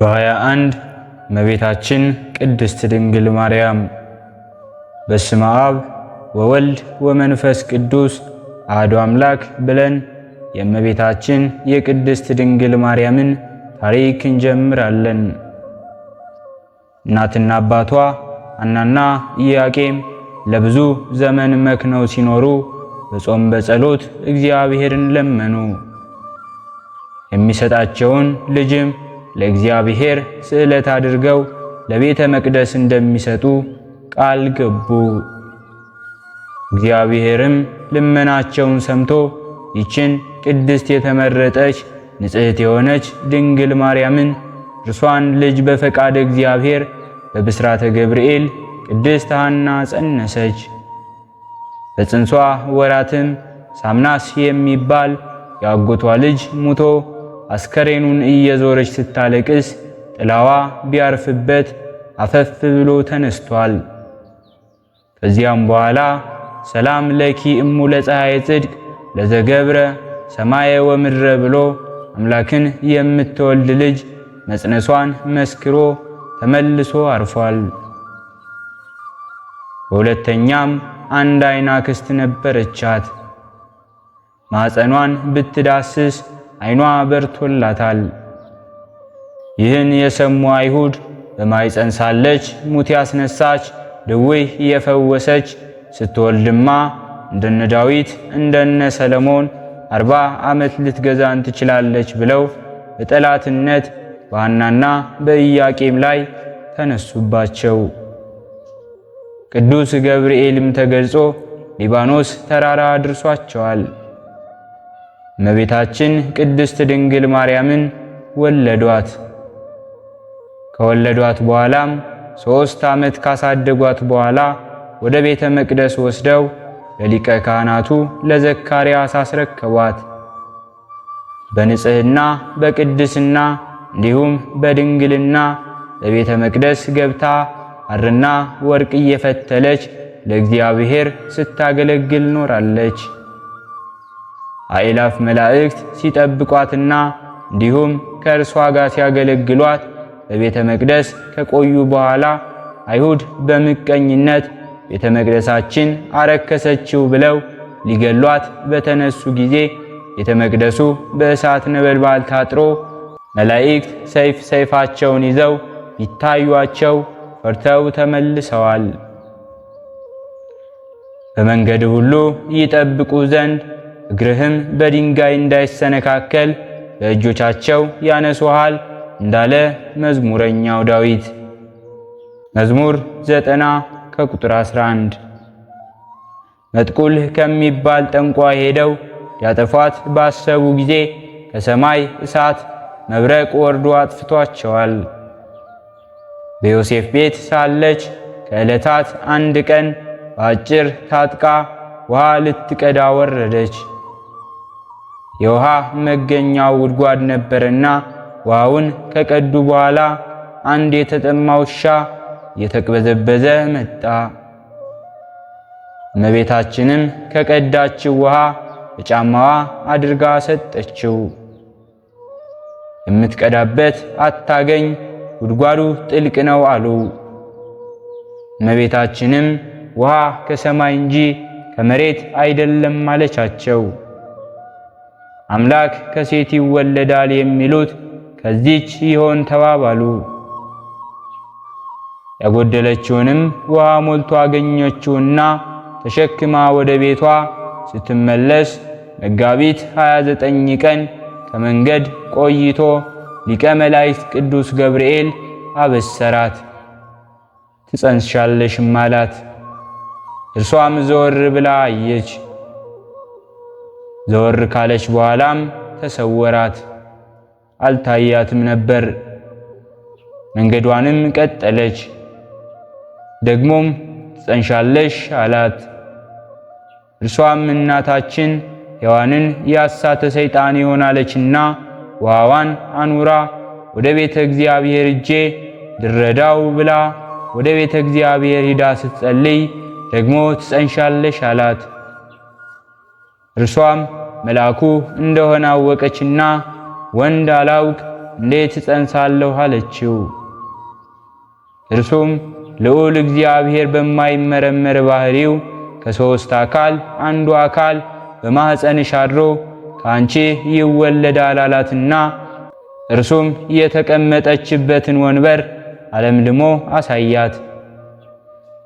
በሃያ አንድ እመቤታችን ቅድስት ድንግል ማርያም። በስመ አብ ወወልድ ወመንፈስ ቅዱስ አሐዱ አምላክ ብለን የእመቤታችን የቅድስት ድንግል ማርያምን ታሪክ እንጀምራለን። እናትና አባቷ አናና ኢያቄም ለብዙ ዘመን መክነው ሲኖሩ በጾም በጸሎት እግዚአብሔርን ለመኑ። የሚሰጣቸውን ልጅም ለእግዚአብሔር ስዕለት አድርገው ለቤተ መቅደስ እንደሚሰጡ ቃል ገቡ። እግዚአብሔርም ልመናቸውን ሰምቶ ይችን ቅድስት የተመረጠች ንጽሕት የሆነች ድንግል ማርያምን እርሷን ልጅ በፈቃድ እግዚአብሔር በብስራተ ገብርኤል ቅድስት ሐና ጸነሰች። በጽንሷ ወራትም ሳምናስ የሚባል የአጎቷ ልጅ ሙቶ አስከሬኑን እየዞረች ስታለቅስ ጥላዋ ቢያርፍበት አፈፍ ብሎ ተነስቷል። ከዚያም በኋላ ሰላም ለኪ እሙ ለፀሐይ ጽድቅ ለዘገብረ ሰማየ ወምድረ ብሎ አምላክን የምትወልድ ልጅ መጽነሷን መስክሮ ተመልሶ አርፏል። በሁለተኛም አንድ አይና ክስት ነበረቻት። ማፀኗን ብትዳስስ ዓይኗ በርቶላታል። ይህን የሰሙ አይሁድ በማይፀን ሳለች ሙት ያስነሳች፣ ድዌ እየፈወሰች ስትወልድማ እንደነ ዳዊት እንደነ ሰለሞን አርባ ዓመት ልትገዛን ትችላለች ብለው በጠላትነት በሐናና በኢያቄም ላይ ተነሱባቸው። ቅዱስ ገብርኤልም ተገልጾ ሊባኖስ ተራራ አድርሷቸዋል። እመቤታችን ቅድስት ድንግል ማርያምን ወለዷት። ከወለዷት በኋላም ሦስት ዓመት ካሳደጓት በኋላ ወደ ቤተ መቅደስ ወስደው ለሊቀ ካህናቱ ለዘካርያስ አስረከቧት። በንጽሕና በቅድስና እንዲሁም በድንግልና ለቤተ መቅደስ ገብታ አርና ወርቅ እየፈተለች ለእግዚአብሔር ስታገለግል ኖራለች። አእላፍ መላእክት ሲጠብቋትና እንዲሁም ከእርሷ ጋር ሲያገለግሏት በቤተ መቅደስ ከቆዩ በኋላ አይሁድ በምቀኝነት ቤተ መቅደሳችን አረከሰችው ብለው ሊገሏት በተነሱ ጊዜ ቤተ መቅደሱ በእሳት ነበልባል ታጥሮ መላእክት ሰይፍ ሰይፋቸውን ይዘው ይታዩአቸው ፈርተው ተመልሰዋል። በመንገድ ሁሉ ይጠብቁ ዘንድ እግርህም በድንጋይ እንዳይሰነካከል በእጆቻቸው ያነሱሃል እንዳለ መዝሙረኛው ዳዊት መዝሙር ዘጠና ከቁጥር 11 መጥቁልህ ከሚባል ጠንቋ ሄደው ያጠፏት ባሰቡ ጊዜ ከሰማይ እሳት መብረቅ ወርዶ አጥፍቷቸዋል። በዮሴፍ ቤት ሳለች ከዕለታት አንድ ቀን በአጭር ታጥቃ ውሃ ልትቀዳ ወረደች። የውሃ መገኛው ጉድጓድ ነበረና ውሃውን ከቀዱ በኋላ አንድ የተጠማ ውሻ እየተቅበዘበዘ መጣ። እመቤታችንም ከቀዳችው ውሃ በጫማዋ አድርጋ ሰጠችው። የምትቀዳበት አታገኝ፣ ጉድጓዱ ጥልቅ ነው አሉ። እመቤታችንም ውሃ ከሰማይ እንጂ ከመሬት አይደለም አለቻቸው። አምላክ ከሴት ይወለዳል የሚሉት ከዚች ይሆን ተባባሉ። ያጎደለችውንም ውሃ ሞልቶ አገኘችውና ተሸክማ ወደ ቤቷ ስትመለስ መጋቢት 29 ቀን ከመንገድ ቆይቶ ሊቀ መላእክት ቅዱስ ገብርኤል አበሰራት። ትጸንሻለሽም አላት። እርሷም ዘወር ብላ አየች። ዘወር ካለች በኋላም ተሰወራት፣ አልታያትም ነበር። መንገዷንም ቀጠለች። ደግሞም ትጸንሻለሽ አላት። እርሷም እናታችን ሔዋንን ያሳተ ሰይጣን ይሆናለችና ውሃዋን አኑራ ወደ ቤተ እግዚአብሔር እጄ ድረዳው ብላ ወደ ቤተ እግዚአብሔር ሂዳ ስትጸልይ ደግሞ ትጸንሻለሽ አላት። እርሷም መልአኩ እንደሆነ አወቀችና ወንድ አላውቅ እንዴት እጸንሳለሁ አለችው። እርሱም ልዑል እግዚአብሔር በማይመረመር ባህሪው ከሶስት አካል አንዱ አካል በማኅፀንሽ አድሮ ከአንቺ ይወለዳል አላትና እርሱም የተቀመጠችበትን ወንበር አለምልሞ አሳያት።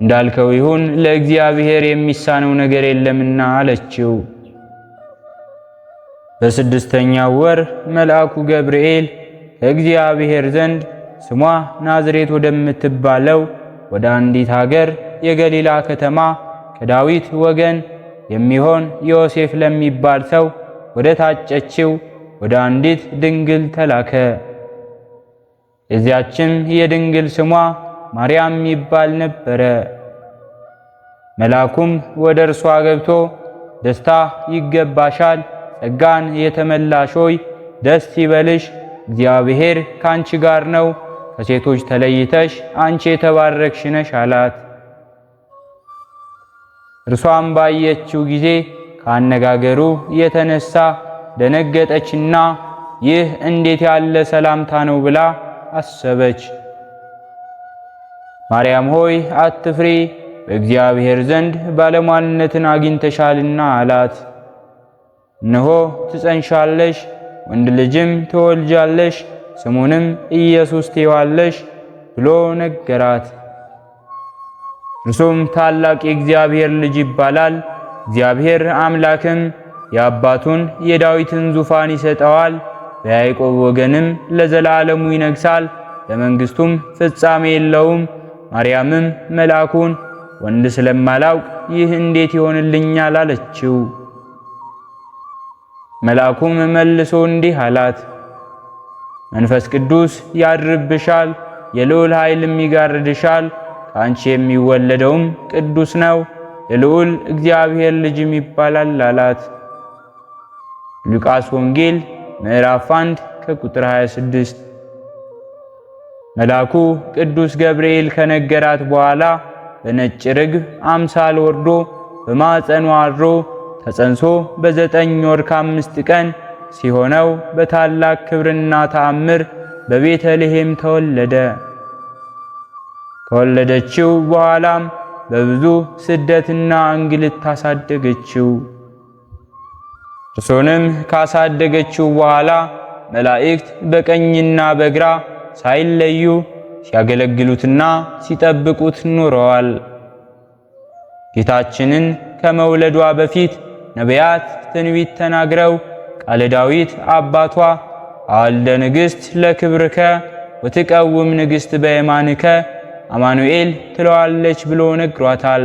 እንዳልከው ይሁን ለእግዚአብሔር የሚሳነው ነገር የለምና አለችው። በስድስተኛው ወር መልአኩ ገብርኤል ከእግዚአብሔር ዘንድ ስሟ ናዝሬት ወደምትባለው ወደ አንዲት አገር የገሊላ ከተማ ከዳዊት ወገን የሚሆን ዮሴፍ ለሚባል ሰው ወደ ታጨችው ወደ አንዲት ድንግል ተላከ። የዚያችም የድንግል ስሟ ማርያም ይባል ነበረ። መልአኩም ወደ እርሷ ገብቶ ደስታ ይገባሻል ጸጋን የተመላሽ ሆይ ደስ ይበልሽ፣ እግዚአብሔር ካንቺ ጋር ነው፣ ከሴቶች ተለይተሽ አንቺ የተባረክሽ ነሽ አላት። እርሷም ባየችው ጊዜ ከአነጋገሩ የተነሳ ደነገጠችና ይህ እንዴት ያለ ሰላምታ ነው ብላ አሰበች። ማርያም ሆይ አትፍሪ፣ በእግዚአብሔር ዘንድ ባለሟልነትን አግኝተሻልና አላት። እነሆ ትጸንሻለሽ፣ ወንድ ልጅም ትወልጃለሽ፣ ስሙንም ኢየሱስ ትይዋለሽ ብሎ ነገራት። እርሱም ታላቅ የእግዚአብሔር ልጅ ይባላል። እግዚአብሔር አምላክም የአባቱን የዳዊትን ዙፋን ይሰጠዋል፣ በያዕቆብ ወገንም ለዘላለሙ ይነግሳል፣ ለመንግስቱም ፍጻሜ የለውም። ማርያምም መልአኩን ወንድ ስለማላውቅ ይህ እንዴት ይሆንልኛል አለችው። መልአኩም መልሶ እንዲህ አላት፣ መንፈስ ቅዱስ ያድርብሻል፣ የልዑል ኃይልም ይጋርድሻል፣ ከአንቺ የሚወለደውም ቅዱስ ነው፣ የልዑል እግዚአብሔር ልጅም ይባላል አላት። ሉቃስ ወንጌል ምዕራፍ 1 ከቁጥር 26። መልአኩ ቅዱስ ገብርኤል ከነገራት በኋላ በነጭ ርግብ አምሳል ወርዶ በማኅፀኗ አድሮ ተጸንሶ በዘጠኝ ወር ከአምስት ቀን ሲሆነው በታላቅ ክብርና ተአምር በቤተልሔም ተወለደ። ከወለደችው በኋላም በብዙ ስደትና እንግልት ታሳደገችው። እርሱንም ካሳደገችው በኋላ መላእክት በቀኝና በግራ ሳይለዩ ሲያገለግሉትና ሲጠብቁት ኖረዋል። ጌታችንን ከመውለዷ በፊት ነቢያት ትንቢት ተናግረው ቃለ ዳዊት አባቷ አልደ ንግሥት ለክብርከ ወትቀውም ንግሥት በየማንከ አማኑኤል ትለዋለች ብሎ ነግሯታል።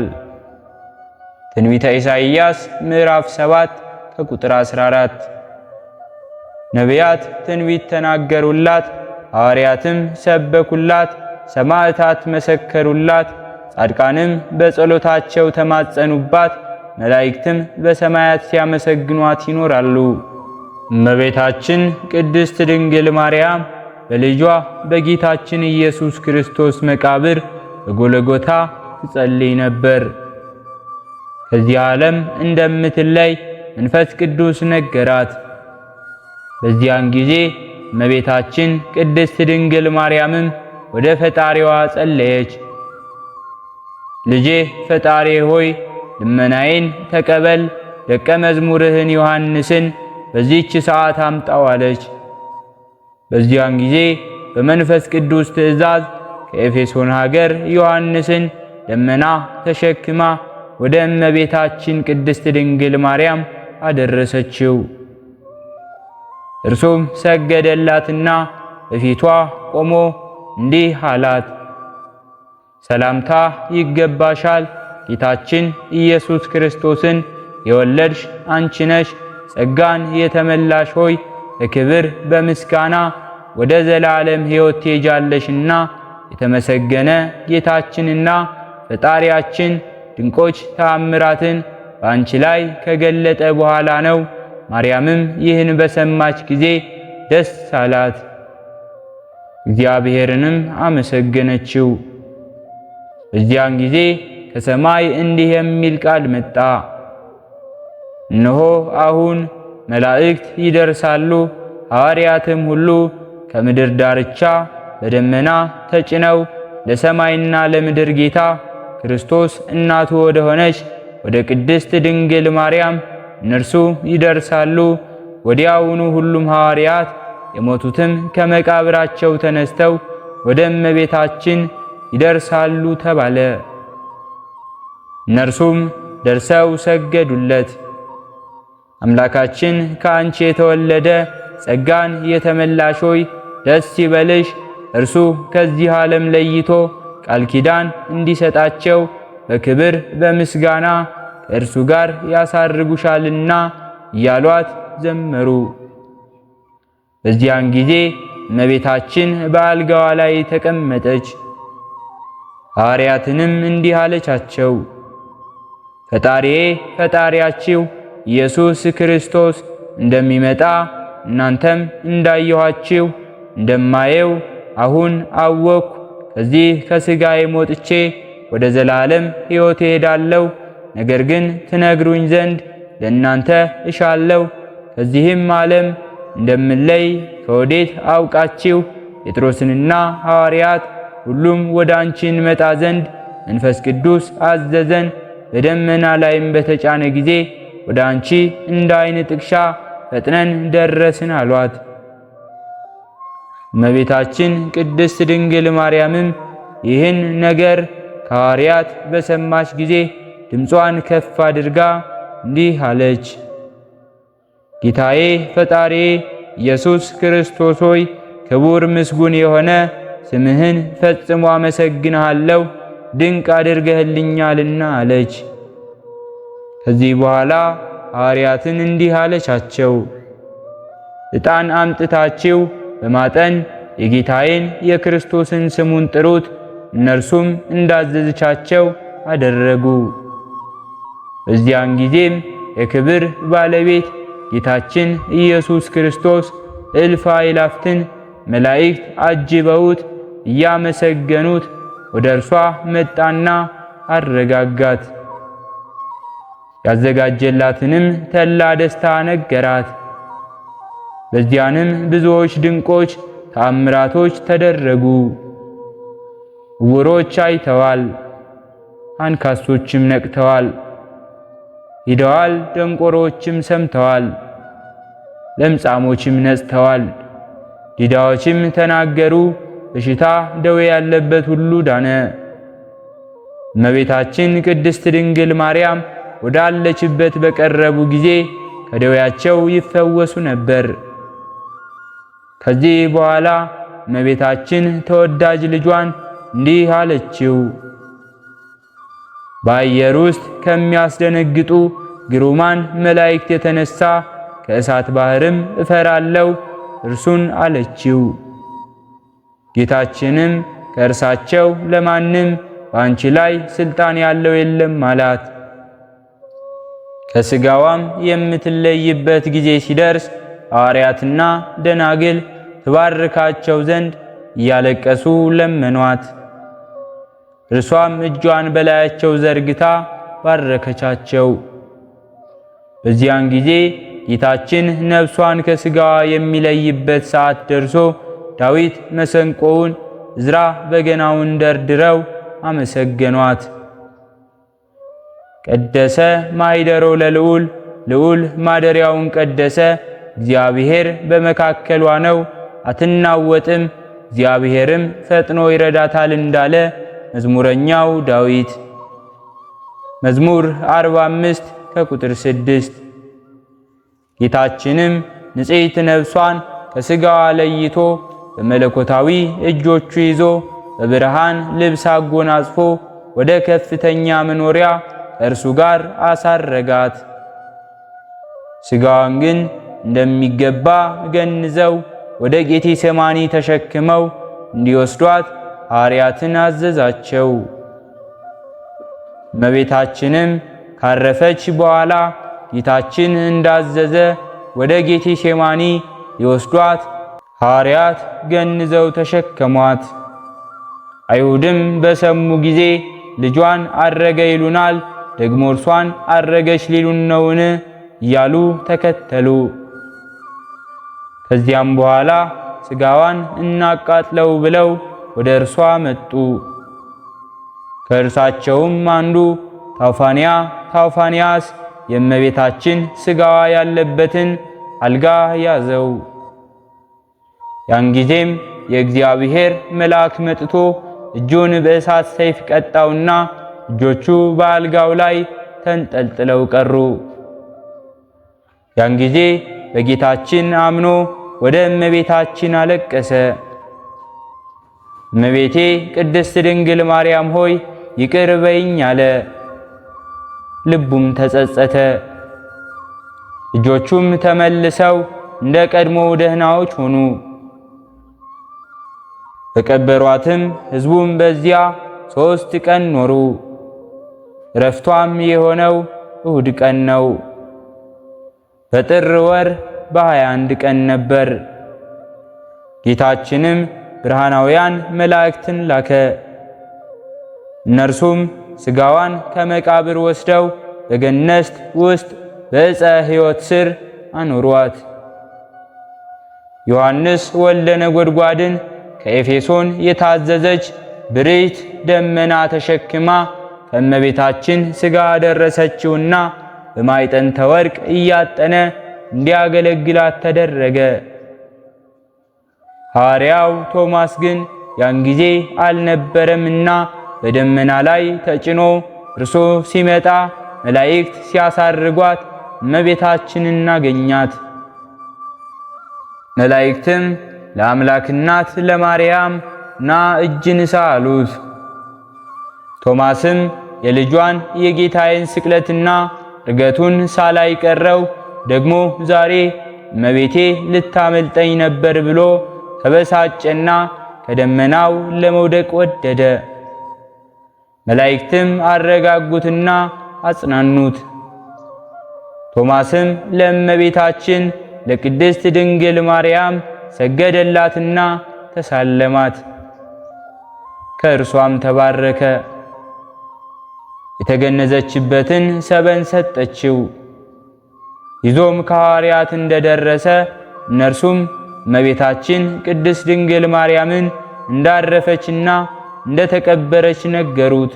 ትንቢተ ኢሳይያስ ምዕራፍ 7 ከቁጥር 14 ነቢያት ትንቢት ተናገሩላት፣ ሐዋርያትም ሰበኩላት፣ ሰማዕታት መሰከሩላት፣ ጻድቃንም በጸሎታቸው ተማጸኑባት። መላእክትም በሰማያት ሲያመሰግኗት ይኖራሉ። እመቤታችን ቅድስት ድንግል ማርያም በልጇ በጌታችን ኢየሱስ ክርስቶስ መቃብር በጎለጎታ ትጸልይ ነበር። ከዚህ ዓለም እንደምትለይ መንፈስ ቅዱስ ነገራት። በዚያን ጊዜ እመቤታችን ቅድስት ድንግል ማርያምም ወደ ፈጣሪዋ ጸለየች። ልጄ ፈጣሪ ሆይ ልመናዬን ተቀበል፣ ደቀ መዝሙርህን ዮሐንስን በዚህች ሰዓት አምጣው አለች። በዚያን ጊዜ በመንፈስ ቅዱስ ትእዛዝ ከኤፌሶን ሀገር ዮሐንስን ደመና ተሸክማ ወደ እመቤታችን ቅድስት ድንግል ማርያም አደረሰችው። እርሱም ሰገደላትና በፊቷ ቆሞ እንዲህ አላት፣ ሰላምታ ይገባሻል ጌታችን ኢየሱስ ክርስቶስን የወለድሽ አንቺ ነሽ። ጸጋን የተመላሽ ሆይ በክብር በምስጋና ወደ ዘላለም ሕይወት ትሄጃለሽና የተመሰገነ ጌታችንና ፈጣሪያችን ድንቆች ተአምራትን በአንቺ ላይ ከገለጠ በኋላ ነው። ማርያምም ይህን በሰማች ጊዜ ደስ አላት፣ እግዚአብሔርንም አመሰገነችው። በዚያን ጊዜ ከሰማይ እንዲህ የሚል ቃል መጣ፣ እነሆ አሁን መላእክት ይደርሳሉ፣ ሐዋርያትም ሁሉ ከምድር ዳርቻ በደመና ተጭነው ለሰማይና ለምድር ጌታ ክርስቶስ እናቱ ወደ ሆነች ወደ ቅድስት ድንግል ማርያም እነርሱ ይደርሳሉ። ወዲያውኑ ሁሉም ሐዋርያት የሞቱትም ከመቃብራቸው ተነስተው ወደ እመቤታችን ይደርሳሉ ተባለ። እነርሱም ደርሰው ሰገዱለት። አምላካችን ከአንቺ የተወለደ ጸጋን የተመላሽ ሆይ ደስ ይበልሽ፣ እርሱ ከዚህ ዓለም ለይቶ ቃል ኪዳን እንዲሰጣቸው በክብር በምስጋና ከእርሱ ጋር ያሳርጉሻልና እያሏት ዘመሩ። በዚያን ጊዜ እመቤታችን በአልጋዋ ላይ ተቀመጠች። ሐዋርያትንም እንዲህ አለቻቸው ፈጣሪዬ ፈጣሪያችሁ ኢየሱስ ክርስቶስ እንደሚመጣ እናንተም እንዳየኋችሁ እንደማየው አሁን አወቅኩ። ከዚህ ከሥጋዬ ሞጥቼ ወደ ዘላለም ሕይወት እሄዳለሁ። ነገር ግን ትነግሩኝ ዘንድ ለእናንተ እሻለሁ። ከዚህም ዓለም እንደምለይ ከወዴት አውቃችሁ? ጴጥሮስንና ሐዋርያት ሁሉም ወደ አንቺ እንመጣ ዘንድ መንፈስ ቅዱስ አዘዘን። በደመና ላይም በተጫነ ጊዜ ወደ አንቺ እንደ ዓይን ጥቅሻ ፈጥነን ደረስን አሏት። እመቤታችን ቅድስት ድንግል ማርያምም ይህን ነገር ከሐዋርያት በሰማች ጊዜ ድምጿን ከፍ አድርጋ እንዲህ አለች። ጌታዬ ፈጣሪዬ ኢየሱስ ክርስቶስ ሆይ ክቡር ምስጉን የሆነ ስምህን ፈጽሞ አመሰግንሃለሁ። ድንቅ አድርገህልኛልና አለች። ከዚህ በኋላ ሐዋርያትን እንዲህ አለቻቸው፣ ዕጣን አምጥታችሁ በማጠን የጌታዬን የክርስቶስን ስሙን ጥሩት። እነርሱም እንዳዘዘቻቸው አደረጉ። በዚያን ጊዜም የክብር ባለቤት ጌታችን ኢየሱስ ክርስቶስ እልፍ ይላፍትን መላእክት አጅበውት እያመሰገኑት ወደ እርሷ መጣና አረጋጋት። ያዘጋጀላትንም ተላ ደስታ ነገራት። በዚያንም ብዙዎች ድንቆች ተአምራቶች ተደረጉ። ዕውሮች አይተዋል፣ አንካሶችም ነቅተዋል፣ ሂደዋል፣ ደንቆሮችም ሰምተዋል፣ ለምጻሞችም ነጽተዋል፣ ዲዳዎችም ተናገሩ በሽታ ደዌ ያለበት ሁሉ ዳነ። እመቤታችን ቅድስት ድንግል ማርያም ወዳለችበት በቀረቡ ጊዜ ከደዌያቸው ይፈወሱ ነበር። ከዚህ በኋላ እመቤታችን ተወዳጅ ልጇን እንዲህ አለችው። በአየር ውስጥ ከሚያስደነግጡ ግሩማን መላእክት የተነሳ ከእሳት ባህርም እፈራለሁ እርሱን አለችው። ጌታችንም ከእርሳቸው ለማንም በአንቺ ላይ ስልጣን ያለው የለም አላት። ከስጋዋም የምትለይበት ጊዜ ሲደርስ ሐዋርያትና ደናግል ትባርካቸው ዘንድ እያለቀሱ ለመኗት። እርሷም እጇን በላያቸው ዘርግታ ባረከቻቸው። በዚያን ጊዜ ጌታችን ነፍሷን ከስጋዋ የሚለይበት ሰዓት ደርሶ ዳዊት መሰንቆውን፣ ዕዝራ በገናውን ደርድረው አመሰገኗት። ቀደሰ ማይደሮ ለልዑል ልዑል ማደሪያውን ቀደሰ። እግዚአብሔር በመካከሏ ነው አትናወጥም፣ እግዚአብሔርም ፈጥኖ ይረዳታል እንዳለ መዝሙረኛው ዳዊት መዝሙር 45 ከቁጥር 6 ጌታችንም ንጽሕት ነፍሷን ከሥጋዋ ለይቶ በመለኮታዊ እጆቹ ይዞ በብርሃን ልብስ አጎናጽፎ ወደ ከፍተኛ መኖሪያ ከእርሱ ጋር አሳረጋት። ስጋዋን ግን እንደሚገባ ገንዘው ወደ ጌቴ ሰማኒ ተሸክመው እንዲወስዷት ሐዋርያትን አዘዛቸው። እመቤታችንም ካረፈች በኋላ ጌታችን እንዳዘዘ ወደ ጌቴ ሴማኒ ይወስዷት ሐዋርያት ገንዘው ተሸከሟት። አይሁድም በሰሙ ጊዜ ልጇን አረገ ይሉናል፣ ደግሞ እርሷን አረገች ሊሉን ነውን? እያሉ ተከተሉ። ከዚያም በኋላ ሥጋዋን እናቃጥለው ብለው ወደ እርሷ መጡ። ከእርሳቸውም አንዱ ታውፋንያ ታውፋንያስ የእመቤታችን ሥጋዋ ያለበትን አልጋ ያዘው። ያን ጊዜም የእግዚአብሔር መልአክ መጥቶ እጁን በእሳት ሰይፍ ቀጣውና እጆቹ በአልጋው ላይ ተንጠልጥለው ቀሩ። ያን ጊዜ በጌታችን አምኖ ወደ እመቤታችን አለቀሰ። እመቤቴ ቅድስት ድንግል ማርያም ሆይ ይቅር በይኝ አለ። ልቡም ተጸጸተ። እጆቹም ተመልሰው እንደ ቀድሞ ደህናዎች ሆኑ። ተቀበሯትም። ሕዝቡም በዚያ ሦስት ቀን ኖሩ። እረፍቷም የሆነው እሁድ ቀን ነው። በጥር ወር በሃያ አንድ ቀን ነበር። ጌታችንም ብርሃናውያን መላእክትን ላከ። እነርሱም ሥጋዋን ከመቃብር ወስደው በገነት ውስጥ በዕፀ ሕይወት ስር አኖሯት። ዮሐንስ ወልደ ነጎድጓድን ከኤፌሶን የታዘዘች ብሬት ደመና ተሸክማ ከእመቤታችን ሥጋ ደረሰችውና በማይጠን ተወርቅ እያጠነ እንዲያገለግላት ተደረገ። ሐዋርያው ቶማስ ግን ያን ጊዜ አልነበረምና በደመና ላይ ተጭኖ እርሶ ሲመጣ መላእክት ሲያሳርጓት እመቤታችንን አገኛት። መላእክትም ለአምላክ እናት ለማርያም ና እጅ ንሳ አሉት። ቶማስም የልጇን የጌታዬን ስቅለትና እርገቱን ሳላይ ቀረው ደግሞ ዛሬ እመቤቴ ልታመልጠኝ ነበር ብሎ ተበሳጨና ከደመናው ለመውደቅ ወደደ። መላእክትም አረጋጉትና አጽናኑት። ቶማስም ለእመቤታችን ለቅድስት ድንግል ማርያም ሰገደላትና ተሳለማት። ከእርሷም ተባረከ። የተገነዘችበትን ሰበን ሰጠችው። ይዞም ከሐዋርያት እንደደረሰ እነርሱም እመቤታችን ቅድስት ድንግል ማርያምን እንዳረፈችና እንደተቀበረች ነገሩት።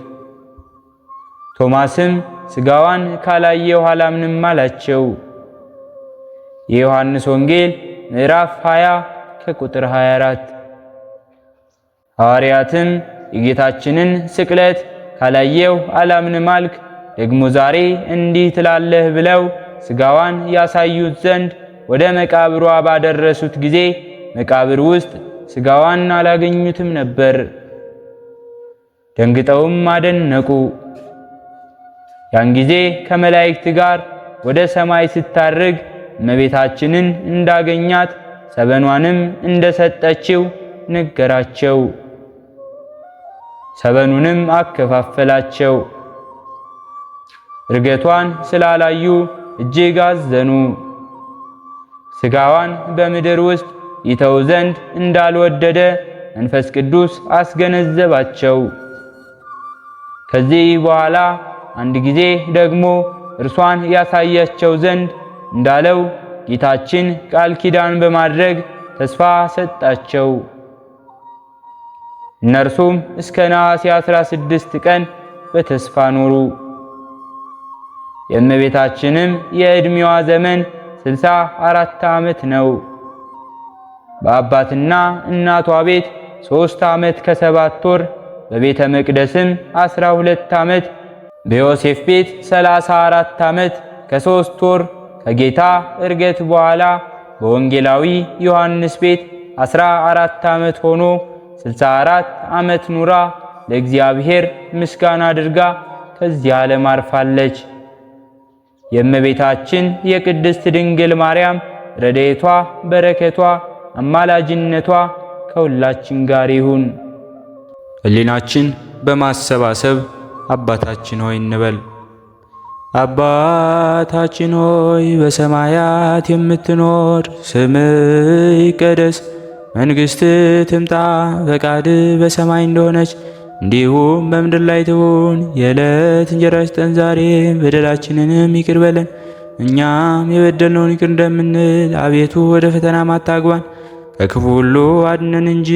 ቶማስም ሥጋዋን ካላየ ኋላምንም አላቸው። የዮሐንስ ወንጌል ምዕራፍ 20 ከቁጥር 24 ሐዋርያትም የጌታችንን ስቅለት ካላየው አላምንም አልክ፣ ደግሞ ዛሬ እንዲህ ትላለህ ብለው ስጋዋን ያሳዩት ዘንድ ወደ መቃብሯ ባደረሱት ጊዜ መቃብር ውስጥ ስጋዋን አላገኙትም ነበር። ደንግጠውም አደነቁ። ያን ጊዜ ከመላእክት ጋር ወደ ሰማይ ስታርግ እመቤታችንን እንዳገኛት ሰበኗንም እንደሰጠችው ነገራቸው። ሰበኑንም አከፋፈላቸው። እርገቷን ስላላዩ እጅግ አዘኑ። ስጋዋን በምድር ውስጥ ይተው ዘንድ እንዳልወደደ መንፈስ ቅዱስ አስገነዘባቸው። ከዚህ በኋላ አንድ ጊዜ ደግሞ እርሷን ያሳያቸው ዘንድ እንዳለው ጌታችን ቃል ኪዳን በማድረግ ተስፋ ሰጣቸው። እነርሱም እስከ ነሐሴ 16 ቀን በተስፋ ኖሩ። የእመቤታችንም የዕድሜዋ ዘመን 6 64 ዓመት ነው። በአባትና እናቷ ቤት ሦስት ዓመት ከሰባት ወር፣ በቤተ መቅደስም 12 ዓመት፣ በዮሴፍ ቤት 34 ዓመት ከሦስት ወር ከጌታ እርገት በኋላ በወንጌላዊ ዮሐንስ ቤት 14 አራት ዓመት ሆኖ 64 ዓመት ኑራ ለእግዚአብሔር ምስጋና አድርጋ ከዚህ ዓለም አርፋለች። የእመቤታችን የቅድስት ድንግል ማርያም ረድኤቷ፣ በረከቷ፣ አማላጅነቷ ከሁላችን ጋር ይሁን። ሕሊናችን በማሰባሰብ አባታችን ሆይ እንበል። አባታችን ሆይ በሰማያት የምትኖር፣ ስምህ ይቀደስ፣ መንግሥት ትምጣ፣ ፈቃድህ በሰማይ እንደሆነች እንዲሁም በምድር ላይ ትሁን። የዕለት እንጀራችንን ስጠን ዛሬ፣ በደላችንንም ይቅር በለን እኛም የበደልነውን ይቅር እንደምንል፣ አቤቱ ወደ ፈተና ማታግባን። ከክፉ ሁሉ አድነን እንጂ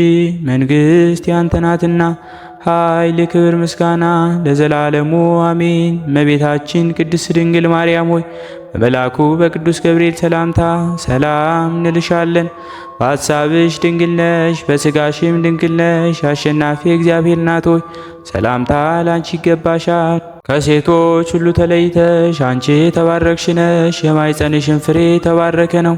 መንግስት ያንተ ናትና ኃይል፣ ክብር፣ ምስጋና ለዘላለሙ አሜን። እመቤታችን ቅድስት ድንግል ማርያም ሆይ በመልአኩ በቅዱስ ገብርኤል ሰላምታ ሰላም እንልሻለን። በሐሳብሽ ድንግል ነሽ፣ በስጋሽም ድንግል ነሽ። አሸናፊ እግዚአብሔር ናት ሆይ ሰላምታ ላንቺ ይገባሻል። ከሴቶች ሁሉ ተለይተሽ አንቺ የተባረክሽ ነሽ፣ የማኅፀንሽን ፍሬ የተባረከ ነው።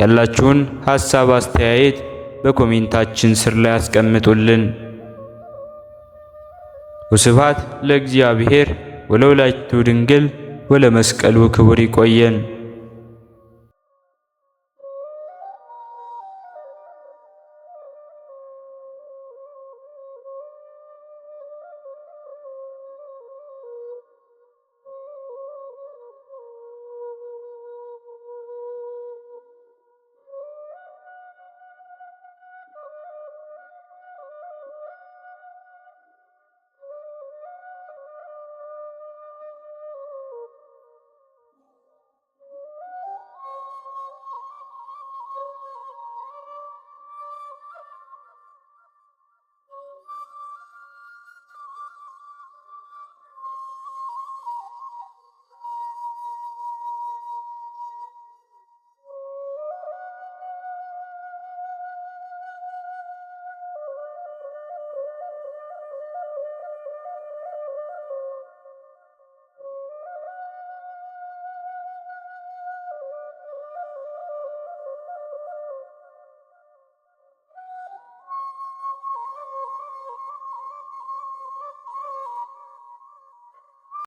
ያላችሁን ሐሳብ አስተያየት በኮሜንታችን ስር ላይ አስቀምጡልን። ወስብሐት ለእግዚአብሔር ወለወላዲቱ ድንግል ወለመስቀሉ ክቡር። ይቆየን።